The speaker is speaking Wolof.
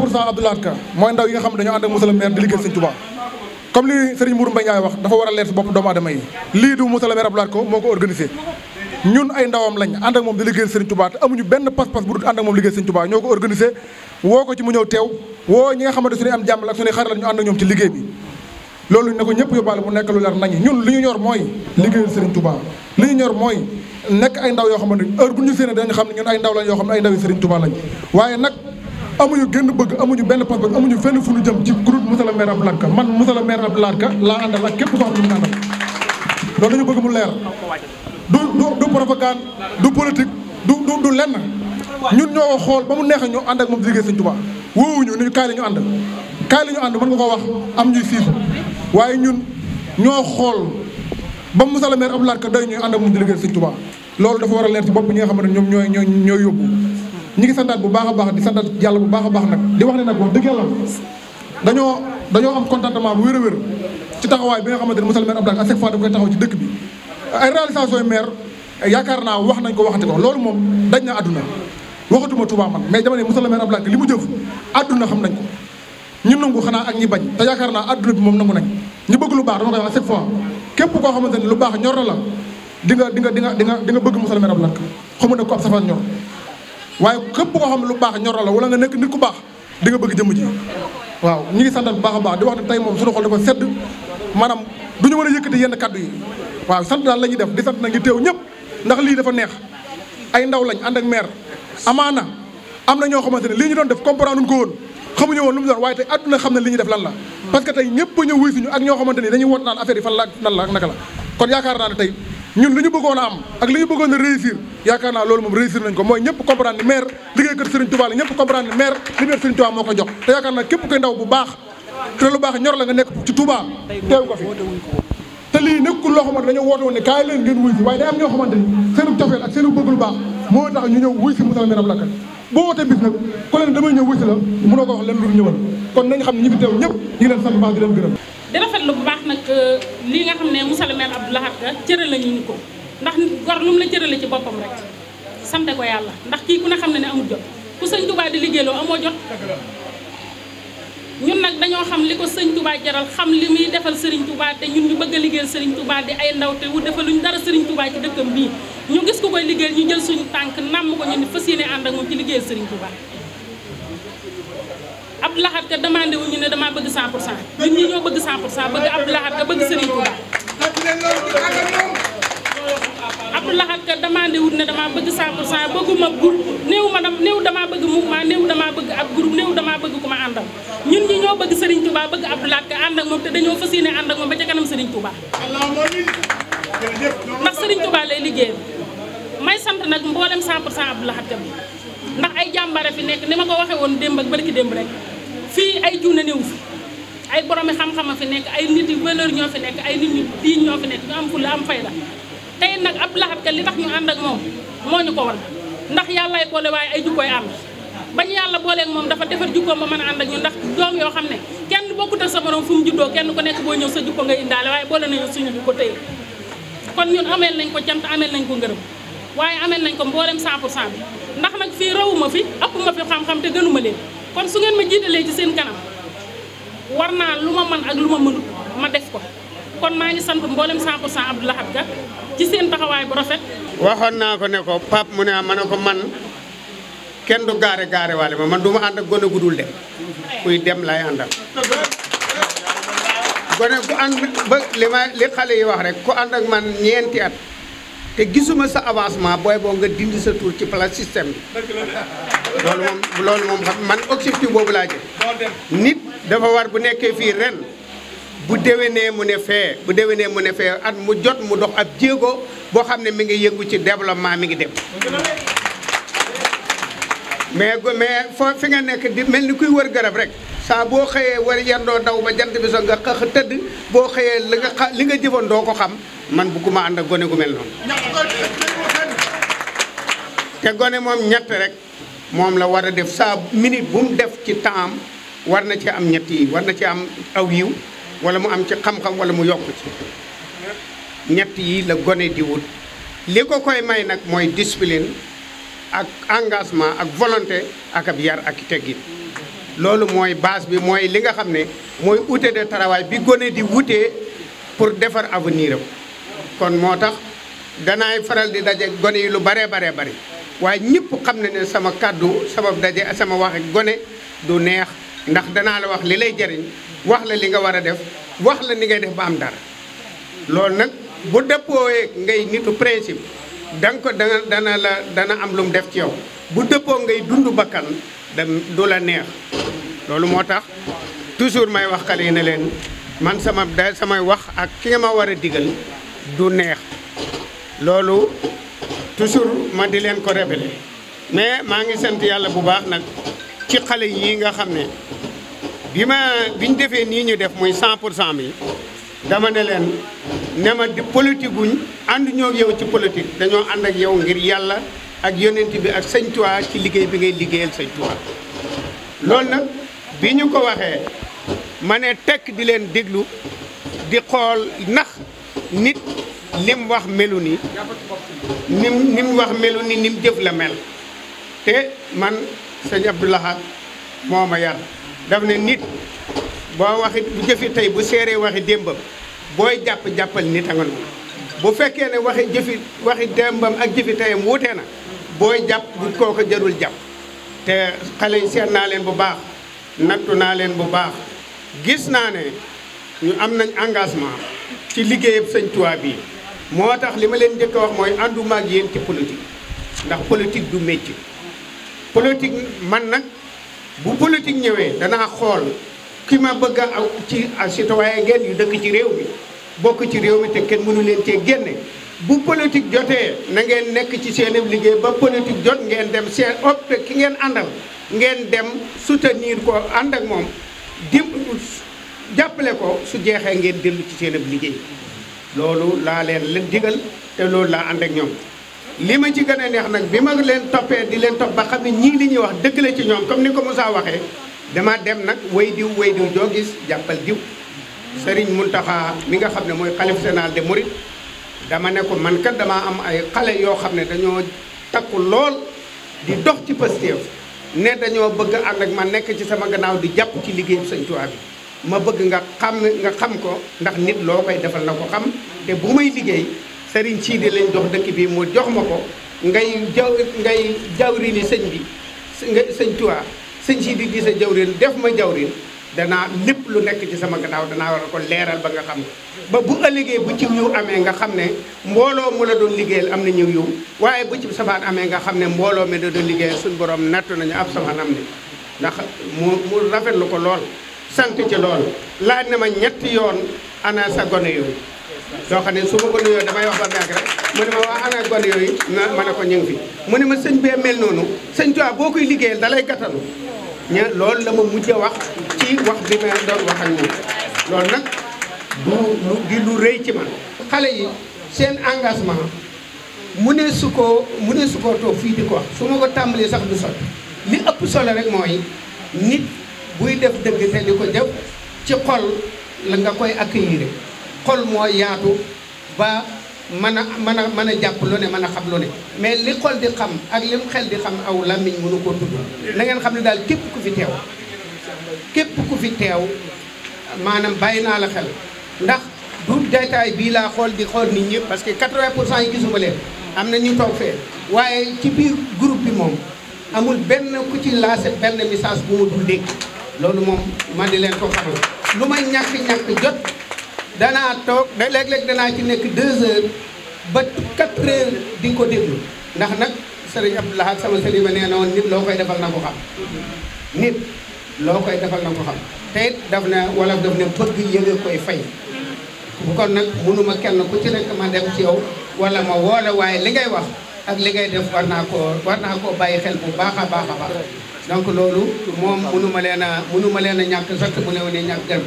pour cent Abdoulaye Ka mooy ndaw yi nga xam ne dañoo ànd ak monsieur le maire di liggéey sëñ Touba comme li Serigne Mourou Mbaye Ndiaye wax dafa war a leer si bopp doomu aadama yi lii du monsieur le maire Abdoulaye Ka moo ko organisé ñun ay ndawam lañ ànd ak moom di liggéeyal Serigne Touba li ñu ñor mooy nekk ay ndaw yoo xamante heure bu ñu séenee dañu xam ne ñun ay ndaw lañ yoo xam ne ay ndaw yi Serigne Touba lañ waaye nag amuñu génn bëgg amuñu benn pas-pas amuñu fenn fu ñu jëm ci groupe Moussa le maire Abdoulaye Ka man a le maire Abdoulaye Ka laa àndal ak képp koo xam ne mu loolu dañu bëgg mu leer du du du propagande du politique du du du lenn ñun ñoo xool ba mu neex ñu ànd ak moom liggéey Sëñ Tuubaa wóowuñu ni kaay la ñu ànd kaay la ñu ànd mën nga ko wax am ñuy siis waaye ñun ñoo xool ba Moussa le maire Abdoulaye Ka day ñuy ànd ak moom liggéey Sëñ Tuubaa loolu dafa war a leer ci bopp ñi nga xam ne ñoom ñooy ñooy ñooy yóbbu ñi ngi santaat bu baax baax di santaat yàlla bu baax a baax nag di wax ne nag wax dëgg yàlla dañoo dañoo am contentement bu wér a wér ci taxawaay bi nga xamante ne monsieur le maire Abdoulaye à chaque fois daf koy taxaw ci dëkk bi yaakaar naa wax nañ ko waxati ko loolu moom dañ na àdduna waxatuma Touba man mais dama ne monsieur le maire Abdoulaye li mu jëf àdduna xam nañ ko ñu nangu xanaa ak ñi bañ te yaakaar naa àdduna bi moom nangu nañ ñu bëgg lu baax dama koy wax à chaque koo xamante ne lu baax ñor na nga di nga di nga di nga di nga bëgg monsieur le maire ko ab safaan waaye képp koo xam lu baax ñoro la wala nga nekk nit ku baax di nga bëgg jëmm ji waaw ñu ngi santal bu baax a baax di wax tey moom suñu xol dafa sedd maanaam du ñu mën a yëkkati yenn kaddu yi waaw sant daal la ñuy def di sant na ngi teew ñëpp ndax lii dafa neex ay ndaw lañ ànd ak maire amaana am na ñoo xamante ne lii ñu doon def comprendre ko woon xamuñu woon lu mu doon waaye tey àdduna xam ne li ñuy def lan la parce que tey ñëpp ñëw wuy suñu ak ñoo xamante ni dañuy woot naan affaire yi fan la nan la ak naka yaakaar naa ne ñun li ñu bëggoon a am ak li ñu bëggoon a réussir yaakaar naa loolu moom réussir nañ ko mooy ñëpp comprendre ni maire liggéeykat Serigne Touba la ñëpp comprendre ni maire liberté Serigne Touba moo ko jox te baax te la nga nekk ci Touba teew lii nekkul loo xamante dañoo woote woon ne kaay leen ngeen wuy si waaye day am ñoo xamante ni seenu ak seenu bëgg lu baax moo tax ñu ñëw wuy si musal meram lakkat boo wootee bis nag ku leen damay ñëw wuy si la mënoo ko wax leen lu ñëwal kon nañ xam ne ñi fi teew di rafetlu bu baax nag euh, lii nga xam ne Moussa le maire Abdou Lahad Ka cërale ñu ko ndax gor lu mu la ci boppam rek sante ko yàlla ndax kii ku ne xam ne ne amul jot ku sëñ Touba di liggéey loo amoo jot ñun nag dañoo xam li ko sëñ Touba jaral xam li muy defal Serigne Touba te ñun ñu bëgg a liggéeyal Serigne Touba di ay ndaw te wu defaluñ dara Serigne Touba ci dëkkam bii ñu gis ku koy liggéeyal ñu jël suñu tànk namm ko ñu ni fas yéene ànd ak moom ci liggéeyal Serigne Touba Abdou Lahad ka demandé wuñu ne damaa bëgg 100 pour cent ñun ñi ñoo bëgg 100 pour cent bëgg Abdou Lahad ka bëgg Serigne Touba Abdou ne damaa bëgg 100 pour cent bëgguma groupe ma dam néew damaa bëgg mouvement bëgg ab groupe néew bëgg ku ma àndal ñun ñi ñoo bëgg Serigne Touba bëgg Abdou Lahad ànd ak moom te dañoo fas yéene ànd ak moom ba ca kanam Serigne Touba ndax Serigne Touba lay liggéeyal may sant nag mboolem 100 pour cent Abdou bi a fi nekk ni ma ko waxee woon démb ak barki démb rek fii ay junne néew fi ay boromi xam-xam a fi nekk ay nit yu valeur ñoo fi nekk ay nit ñu diiñ ñoo fi nekk ñu am fulla am fayda nag ab laxat ka li tax ñu ànd ak moom moo ñu ko wan ndax yàllaay boole waaye ay jukkooy am bañ yàlla booleeg moom dafa defar jukkoom ba mën a ànd ak ñu ndax doom yoo xam ne kenn bokkut ak sa morom fu mu juddoo kenn nekk boo ñëw sa jukko nga indaale waaye boole nañu suñu jukko téye kon ñun ameel nañ ko cant ameel nañ ko ngërëm waaye ameel nañ ko mboolem 100 pour bi ndax nag fii rawuma fi ëpp ma fi xam-xam te gënuma leen kon su ngeen ma jiitalee ci seen kanam war naa lu ma mën ak lu ma mënut ma def ko kon maa ngi sant mboolem 100 pour cent Abdou Lahad ci seen taxawaay bu rafet. waxoon naa ko ne ko Pape mu ne ma ne ko man kenn du gaare gaare waale ma man du ma ànd ak gone gu dul kuy dem lay àndal. gone gu ànd ba li ma li xale yi wax rek ku ànd ak man ñeenti at. te gisuma sa avancement booy boo nga dindi sa tour ci place système bi loolu moom loolu moom xam man objectif boobu laa jël nit dafa war bu nekkee fii ren bu déwénee mu ne fee bu déwénee mu ne fee at mu jot mu dox ab jéego boo xam ne mi ngi yëngu ci développement mi ngi dem mais mais foo fi nga nekk di mel ni kuy wër garab rek saa boo xëyee war yendoo daw ba jant bi so nga xëx tëdd boo xëyee li nga xa li nga jëfoon doo ko xam man bugguma ànd ak gone gu mel noonu te gone moom ñett rek moom la war a def saa minute bu mu def ci temps war na ci am ñett yi war na ci am aw yiw wala mu am ci xam-xam wala mu yokk ci ñett yi la gone di wut li ko koy may nag mooy discipline ak engagement ak volonté ak ab yar ak teggin loolu mooy base bi mooy li nga xam ne mooy outil de travail bi gone di wutee pour defar avenir am kon moo tax danaay faral di daje gone yi lu baree baree bari waaye ñëpp xam ne ne sama kàddu sama daje sama waxe gone du neex ndax danaa la wax li lay jariñ wax la li nga war a def wax la ni ngay def ba am dara loolu nag bu dëppoowee ngay nitu principe danga ko dana la dana am lu mu def ci yow bu dëppoo ngay dund bakkan dem du la neex loolu moo tax toujours may wax xale yi ne leen man sama da samay wax ak ki ma war a digal du neex loolu toujours ma di leen ko rébélé mais maa ngi sant yàlla bu baax nag ci xale yii nga xam ne bi ma biñ defee nii ñu def muy 100 pour cent bi dama ne leen ne ma di politique guñ ànd ñoo yow ci politique dañoo ànd ak yow ngir yàlla ak yonent bi ak sëñ Tuubaa ci liggéey bi ngay liggéeyal sëñ Tuubaa loolu na bi ñu ko waxee ma ne tekk di leen déglu di xool nax nit lim wax melu ni nim mu wax melu ni ni jëf la mel te man sëñ Abdou Lahad moo ma yar daf ne nit boo waxi bu jëfi tey bu seeree waxi démbam booy jàpp jàppal nit a nga noonu bu fekkee ne waxi jëfi waxi dembam ak jëfi tayam wuute na booy jàpp bu kooku jarul jàpp te xale yi seet naa leen bu baax nattu naa leen bu baax gis naa ne ñu am nañ engagement ci liggéeyab sëñ Tuubaa bi moo tax li ma leen njëkk wax mooy ànduma ak yéen ci politique ndax politique du métier politique man nag bu politique ñëwee danaa xool ki ma bëgg a aw ci citoyen ngeen yu dëkk ci réew mi bokk ci réew mi te kenn mënu leen cee génne bu politique jotee na ngeen nekk ci seen liggéey ba politique jot ngeen dem seen opte ki ngeen àndal ngeen dem soutenir ko àndak moom dim jàppale ko su jeexee ngeen dellu ci seen liggéey loolu laa leen leen digal te loolu laa ànd ñoom li ma ci gën a neex nag bi ma leen toppee di leen topp ba xam ne ñii li ñuy wax dëgg la ci ñoom comme ni ko Moussa waxee dama dem nag way diw way diw joo gis jàppal diw Serigne Mountakha mi nga xam ne mooy xalif général de Mouride dama ne ko man kan damaa am ay xale yoo xam ne dañoo takku lool di dox ci Pastef ne dañoo bëgg ànd ak ma nekk ci sama gannaaw di jàpp ci liggéeyu Sëñ Tuubaa bi ma bëgg nga xam nga xam ko ndax nit loo koy defal na ko xam te bu may liggéey Serigne di lañ dox dëkk bi mu jox ma ko ngay jaw ngay jawri ni sëñ bi nga sëñ Tuubaa sëñ Siidi di sa jawrin def ma jawrin danaa lépp lu nekk ci sama gannaaw danaa war a ko leeral ba nga xam ne ba bu ëllëgee bu ci yiw amee nga xam ne mbooloo mu la doon liggéeyal am na ñëw yiw waaye bu ci safaan amee nga xam ne mbooloo mi da doon liggéeyal suñu borom nattu nañu ab safaan am ne ndax mu mu rafetlu ko lool sant ci lool laaj na ma ñetti yoon ana sa gone yooyu yoo xam ne su ma ko nuyoo damay wax ba meeg rek mu ne ma waa ana gone yooyu ma ne ko ñu ngi fi mu ne ma sëñ bee noonu sëñ Tuubaa boo koy liggéeyal dalay gàttanu ña loolu la ma mujj a wax ci wax bi ma doon wax ak ñoom loolu nag du lu di lu rëy ci man xale yi seen engagement mu ne su ko mu ne su ko toog fii di ko wax su ma ko tàmbalee sax du sot li ëpp solo rek mooy nit buy def dëgg te di ko def ci xol la nga koy accueillir xol moo yaatu ba mën a mën a mën a jàpp lu ne mën a xam lu mais li xol di xam ak lim xel di xam aw làmmiñ mënu koo tudd na ngeen xam ne daal képp ku fi teew képp ku fi teew maanaam bàyyi naa la xel ndax du jataay bii laa xool di xool nit ñi parce que 80 pour cent yi gisuma leen am na ñu toog fee waaye ci biir groupe bi moom amul benn ku ci lancé benn missage bu ma dul dégg loolu moom man di leen ko xamal lu may ñàkk-ñàkk jot danaa toog da léeg-léeg danaa ci nekk 2 heures ba 4 heures di ko déglu ndax nag sëriñ Abdou Lahad sama sëriñ ba nee na woon nit loo koy defal na ko xam nit loo koy defal na ko xam te daf na wala daf ne bëgg yëge koy fay bu kon nag mënuma kenn ku ci nekk ma dem ci yow wala ma woole waaye li ngay wax ak li ngay def war naa koo war naa koo bàyyi xel bu baax a baax a baax donc loolu moom mënuma leen a mënuma leen a ñàkk sax mu ne woon ñàkk gërëm